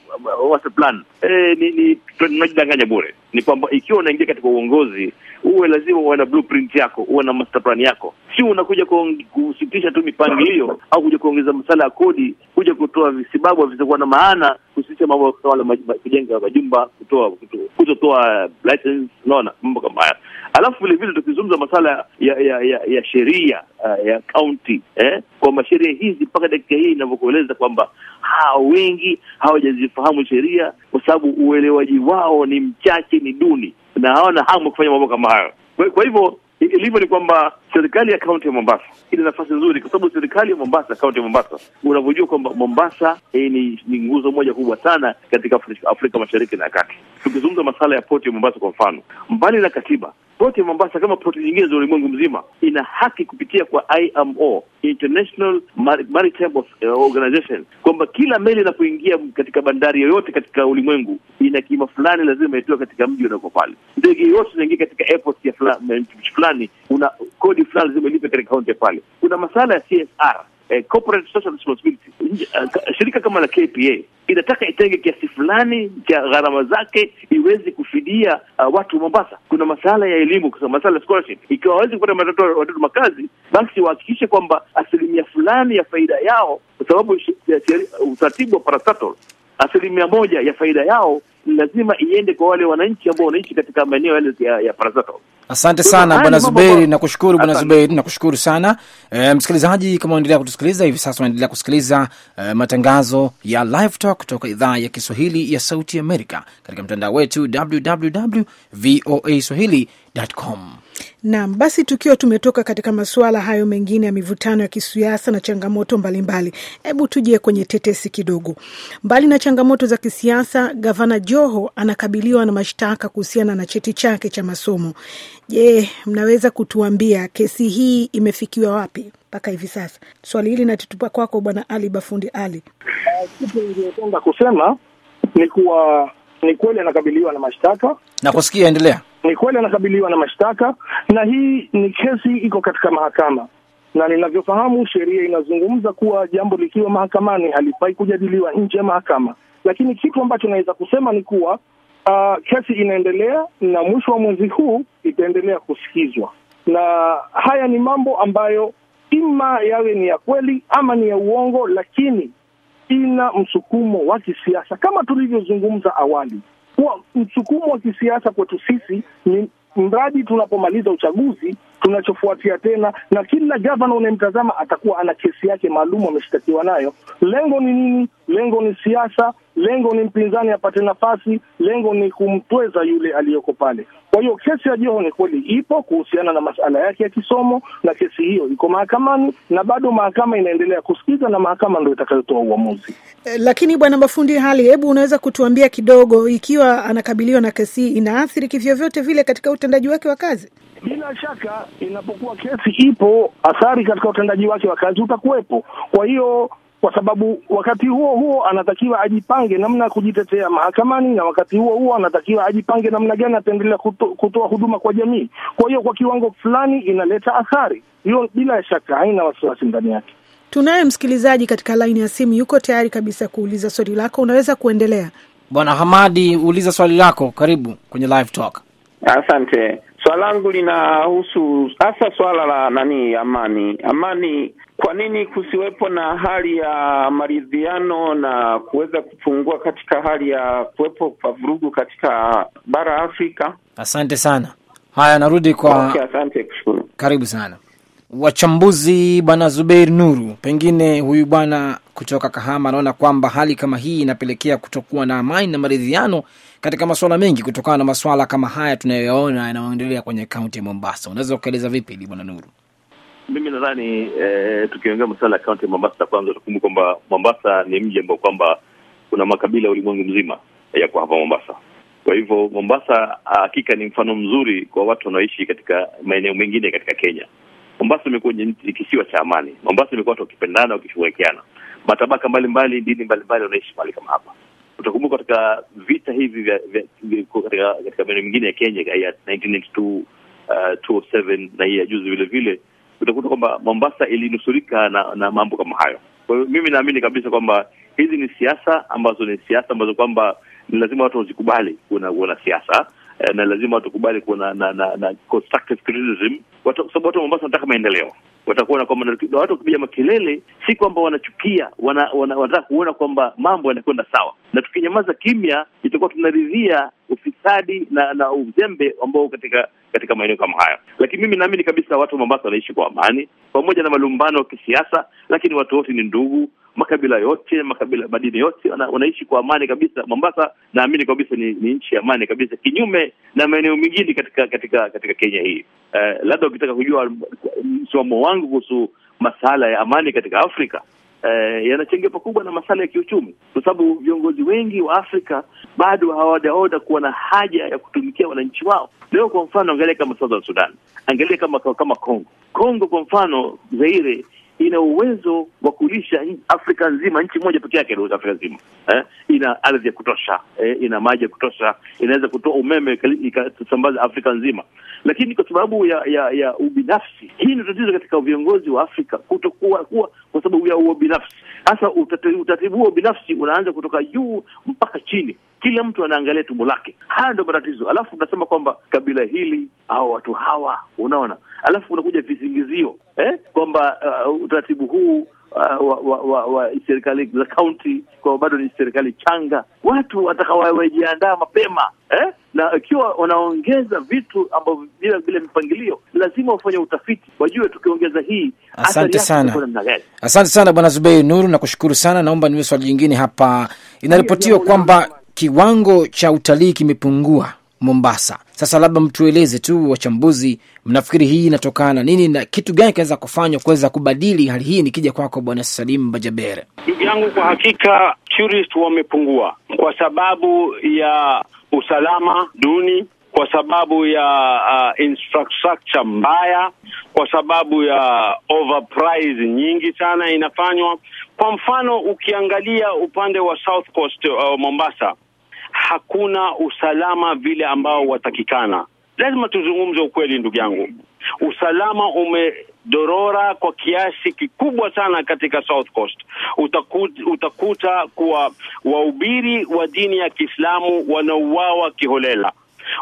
master plan e, ni ni tunajidanganya bure. Ni kwamba ikiwa unaingia katika uongozi, uwe lazima uwe na blueprint yako, uwe na master plan yako si unakuja kusitisha tu mipango hiyo au kuja kuongeza msala ya kodi, kuja kutoa visibabu havitakuwa na maana, kusitisha mambo ya kutawala kujenga majumba, kutoa kutotoa license, unaona mambo kama haya. Alafu vile vile tukizungumza masala ya ya ya, ya sheria uh, ya county eh, kwamba sheria hizi mpaka dakika hii inavyokueleza kwamba hawa wengi hawajazifahamu sheria kwa sababu uelewaji wao ni mchache, ni duni na hawana hamu kufanya mambo kama hayo. Kwa, kwa hivyo ilivyo ni kwamba serikali ya kaunti ya Mombasa ina nafasi nzuri, kwa sababu serikali ya Mombasa, kaunti ya Mombasa, unavyojua kwamba Mombasa hii eh, ni, ni nguzo moja kubwa sana katika Afrika, Afrika Mashariki na Kati. Tukizungumza masala ya poti ya Mombasa kwa mfano, mbali na katiba Poti ya Mombasa kama poti nyingine za ulimwengu mzima ina haki kupitia kwa IMO, International Maritime eh, Organization, kwamba kila meli inapoingia katika bandari yoyote katika ulimwengu ina kima fulani lazima itoe katika mji unaoko pale. Ndege yoyote inaingia katika airport ya fulani, fulani una kodi fulani lazima ilipe katika kaunti ya pale. Kuna masala ya CSR eh, corporate social responsibility. Eh, shirika kama la KPA inataka itenge kiasi fulani cha gharama zake iweze kufidia uh, watu Mombasa. Kuna masala ya elimu, kuna ya scholarship. Ikiwa hawezi kupata watoto watoto makazi, basi wahakikishe kwamba asilimia fulani ya faida yao, kwa sababu utaratibu wa parastatal, asilimia moja ya faida yao lazima iende kwa wale wananchi ambao wanaishi katika maeneo yale ya, ya parastatal. Asante sana bwana Zuberi, nakushukuru bwana Zuberi, nakushukuru sana. E, msikilizaji, kama unaendelea kutusikiliza hivi sasa, unaendelea kusikiliza e, matangazo ya Live kutoka idhaa ya Kiswahili ya Sauti Amerika katika mtandao wetu www voa swahili com. Naam, basi tukiwa tumetoka katika masuala hayo mengine ya mivutano ya kisiasa na changamoto mbalimbali, hebu tuje kwenye tetesi kidogo. Mbali na changamoto za kisiasa, gavana Joho anakabiliwa na mashtaka kuhusiana na cheti chake cha masomo. Je, mnaweza kutuambia kesi hii imefikiwa wapi mpaka hivi sasa? Swali hili natutupa kwako Bwana Ali Bafundi Ali. Kitu ningependa kusema ni kuwa ni kweli anakabiliwa na mashtaka. kusikia, endelea ni kweli anakabiliwa na mashtaka, na hii ni kesi iko katika mahakama, na ninavyofahamu sheria inazungumza kuwa jambo likiwa mahakamani halifai kujadiliwa nje ya mahakama, lakini kitu ambacho naweza kusema ni kuwa uh, kesi inaendelea na mwisho wa mwezi huu itaendelea kusikizwa, na haya ni mambo ambayo ima yawe ni ya kweli ama ni ya uongo, lakini ina msukumo wa kisiasa kama tulivyozungumza awali kuwa msukumo wa kisiasa kwetu sisi ni mradi tunapomaliza uchaguzi tunachofuatia tena, na kila gavana unayemtazama atakuwa ana kesi yake maalum ameshtakiwa nayo. Lengo ni nini? Lengo ni siasa, lengo ni mpinzani apate nafasi, lengo ni kumtweza yule aliyoko pale. Kwa hiyo kesi ya Joho ni kweli ipo kuhusiana na masala yake ya kisomo, na kesi hiyo iko mahakamani na bado mahakama inaendelea kusikiza, na mahakama ndo itakayotoa uamuzi. Eh, lakini bwana Mafundi hali, hebu unaweza kutuambia kidogo, ikiwa anakabiliwa na kesi hii inaathiri kivyovyote vile katika utendaji wake wa kazi? Bila shaka inapokuwa kesi ipo, athari katika utendaji wake wa kazi utakuwepo. Kwa hiyo kwa sababu wakati huo huo anatakiwa ajipange namna ya kujitetea mahakamani, na wakati huo huo anatakiwa ajipange namna gani ataendelea kutoa huduma kwa jamii. Kwa hiyo kwa kiwango fulani inaleta athari hiyo, bila shaka, haina wasiwasi ndani yake. Tunaye msikilizaji katika laini ya simu, yuko tayari kabisa kuuliza swali lako. Unaweza kuendelea, Bwana Hamadi, uliza swali lako. Karibu kwenye live talk. Asante. Swala langu linahusu hasa swala la nani, amani. Amani, kwa nini kusiwepo na hali ya maridhiano na kuweza kupungua katika hali ya kuwepo kwa vurugu katika bara Afrika? Asante sana. Haya, narudi kwa okay, asante, kushukuru. Karibu sana wachambuzi bwana Zubeir Nuru, pengine huyu bwana kutoka Kahama anaona kwamba hali kama hii inapelekea kutokuwa na amani na maridhiano katika masuala mengi, kutokana na masuala kama haya tunayoyaona yanayoendelea kwenye kaunti ya Mombasa. Unaweza ukaeleza vipi hili bwana Nuru? Mimi nadhani eh, tukiongea masuala ya kaunti ya Mombasa, kwanza tukumbu kwamba Mombasa ni mji ambao kwamba kuna makabila ya ulimwengu mzima yako hapa Mombasa. Kwa hivyo Mombasa hakika ni mfano mzuri kwa watu wanaoishi katika maeneo mengine katika Kenya. Mombasa imekuwa ni kisiwa cha amani. Mombasa imekuwa watu wakipendana, wakishirikiana, matabaka mbalimbali, dini mbalimbali wanaishi mahali kama hapa. Utakumbuka katika vita hivi vya, vya, vya, katika maeneo mengine ya Kenya ya 1992 uh, 207 na hii ya juzi vile vile, utakuta kwamba Mombasa ilinusurika na, na mambo kama hayo. Kwa hiyo mimi naamini kabisa kwamba hizi ni siasa ambazo ni siasa ambazo kwamba ni lazima watu wazikubali. Kuna, kuna siasa eh, na lazima tukubali kuna na, na, na constructive criticism, kwa sababu watu wa Mombasa wanataka maendeleo watakuona kwamba watu wakipiga makelele si kwamba wanachukia, wanataka wana, wanataka kuona kwamba mambo yanakwenda sawa, na tukinyamaza kimya itakuwa tunaridhia ufisadi na, na uzembe ambao katika katika maeneo kama haya. Lakini mimi naamini kabisa watu wa Mombasa wanaishi kwa amani pamoja na malumbano ya kisiasa, lakini watu wote ni ndugu makabila yote, makabila madini yote wana, wanaishi kwa amani kabisa. Mombasa naamini kabisa ni, ni nchi ya amani kabisa, kinyume na maeneo mengine katika katika katika Kenya hii. Uh, labda ukitaka kujua msimamo wangu kuhusu masala ya amani katika Afrika uh, yanachangia pakubwa na masala ya kiuchumi, kwa sababu viongozi wengi wa Afrika bado hawajaoda kuwa na haja ya kutumikia wananchi wao. Leo kwa mfano, angalia kama South Sudan, angalia kama kama Congo Congo, kwa mfano Zaire ina uwezo wa kulisha Afrika nzima, nchi moja pekee yake ndio Afrika nzima eh? Ina ardhi ya kutosha eh? Ina maji ya kutosha, inaweza kutoa umeme ikasambaza Afrika nzima lakini kwa sababu ya ya, ya ubinafsi. Hii ni tatizo katika viongozi wa Afrika kutokuwa kuwa kwa sababu ya ubinafsi. Hasa utaratibu huo binafsi unaanza kutoka juu mpaka chini, kila mtu anaangalia tumbo lake. Haya ndio matatizo, alafu unasema kwamba kabila hili au watu hawa, unaona, alafu unakuja visingizio eh, kwamba uh, utaratibu huu Uh, wa, wa serikali za kaunti kwa bado ni serikali changa, watu watakawajiandaa mapema eh? na ikiwa wanaongeza vitu ambavyo bila vile mipangilio, lazima wafanye utafiti, wajue tukiongeza hii. Asante sana, asante sana Bwana Zubei Nuru, nakushukuru sana. Naomba niwe swali jingine hapa. Inaripotiwa kwamba kiwango cha utalii kimepungua Mombasa. Sasa labda mtueleze tu, wachambuzi, mnafikiri hii inatokana nini na kitu gani kinaweza kufanywa kuweza kubadili hali hii? Nikija kwako Bwana Salim Bajabere. Ndugu yangu, kwa hakika tourist wamepungua kwa sababu ya usalama duni, kwa sababu ya uh, infrastructure mbaya, kwa sababu ya overprice nyingi sana inafanywa. Kwa mfano ukiangalia upande wa South Coast uh, Mombasa hakuna usalama vile ambao watakikana. Lazima tuzungumze ukweli, ndugu yangu, usalama umedorora kwa kiasi kikubwa sana katika South Coast. Utakuta, utakuta kuwa wahubiri wa dini ya Kiislamu wanauawa kiholela.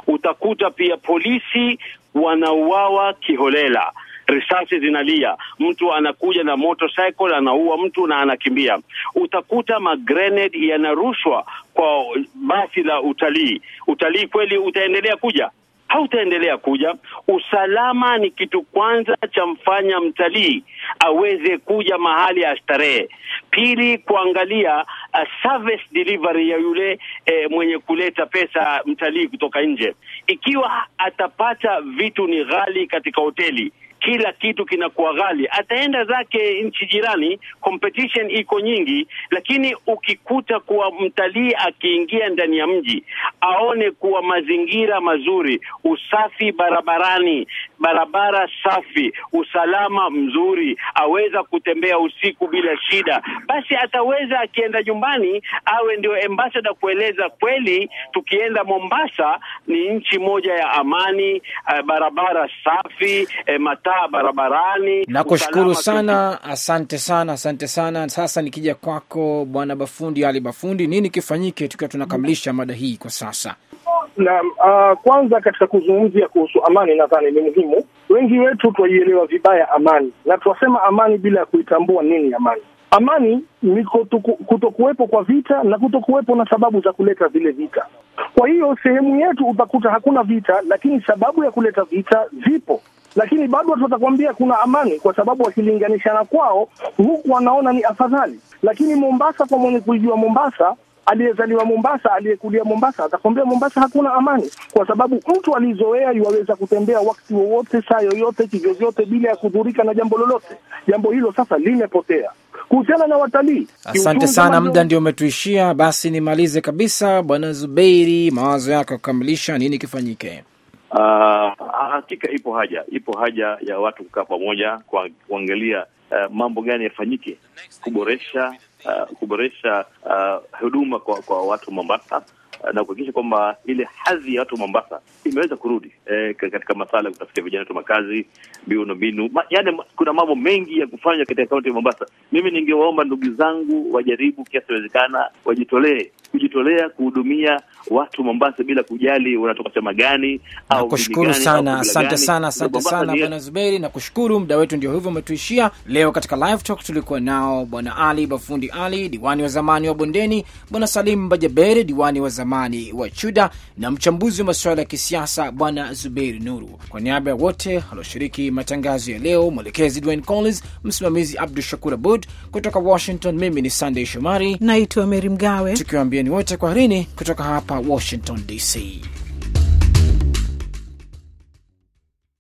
Utakuta pia polisi wanauawa kiholela risasi zinalia, mtu anakuja na motorcycle anaua mtu na anakimbia. Utakuta magrenade yanarushwa kwa basi la utalii. Utalii kweli utaendelea kuja? Hautaendelea kuja. Usalama ni kitu kwanza cha mfanya mtalii aweze kuja mahali ya starehe. Pili, kuangalia uh, service delivery ya yule e, mwenye kuleta pesa mtalii kutoka nje. Ikiwa atapata vitu ni ghali katika hoteli kila kitu kinakuwa ghali. Ataenda zake nchi jirani, competition iko nyingi, lakini ukikuta kuwa mtalii akiingia ndani ya mji aone kuwa mazingira mazuri, usafi barabarani, barabara safi, usalama mzuri, aweza kutembea usiku bila shida, basi ataweza akienda nyumbani awe ndio ambasada kueleza kweli, tukienda Mombasa ni nchi moja ya amani, eh, barabara safi, eh, mataa barabarani. Nakushukuru sana, asante sana, asante sana. Sasa nikija kwako Bwana Bafundi Ali Bafundi, nini kifanyike tukiwa tunakamilisha mada hii kwa sasa? Naam, uh, kwanza katika kuzungumzia kuhusu amani, nadhani ni muhimu wengi wetu twaielewa vibaya amani, na twasema amani bila ya kuitambua nini amani. Amani ni kutokuwepo kwa vita na kutokuwepo na sababu za kuleta vile vita. Kwa hiyo sehemu yetu utakuta hakuna vita, lakini sababu ya kuleta vita zipo lakini bado watu watakwambia kuna amani kwa sababu wakilinganishana kwao huku wanaona ni afadhali. Lakini Mombasa, kwa mwenye kuijua Mombasa, aliyezaliwa Mombasa, aliyekulia Mombasa atakwambia Mombasa hakuna amani, kwa sababu mtu alizoea yuwaweza kutembea wakati wowote, saa yoyote, kivyovyote, bila ya kudhurika na jambo lolote. Jambo hilo sasa limepotea. Kuhusiana na watalii, asante sana, muda ndio umetuishia. Basi nimalize kabisa, Bwana Zubeiri, mawazo yako kukamilisha nini kifanyike? Ah, hakika uh, ipo haja ipo haja ya watu kukaa pamoja kuangalia uh, mambo gani yafanyike kuboresha Uh, kuboresha uh, huduma kwa, kwa watu Mombasa na kuhakikisha kwamba ile hadhi ya watu wa Mombasa imeweza kurudi e, katika masala ya kutafutia vijana wetu makazi, mbinu ma, yani kuna mambo mengi ya kufanywa katika kaunti ya Mombasa. Mimi ningewaomba ndugu zangu wajaribu kiasi wezekana, wajitolee kujitolea kuhudumia watu Mombasa bila kujali wanatoka chama gani au kushukuru sana. Asante sana, asante sana bwana Zuberi, na kushukuru muda wetu ndio hivyo umetuishia leo. Katika live talk tulikuwa nao bwana Ali Bafundi Ali, diwani wa zamani wa Bondeni, bwana Salim Bajaberi, diwani wa zamani zamani wa CHUDA na mchambuzi wa masuala ya kisiasa Bwana zubeir Nuru. Kwa niaba ya wote walioshiriki matangazo ya leo, mwelekezi Dwayne Collins, msimamizi Abdu Shakur Abud kutoka Washington, mimi ni Sandey Shomari naitwa Meri Mgawe, tukiwaambieni wote kwaherini kutoka hapa Washington DC.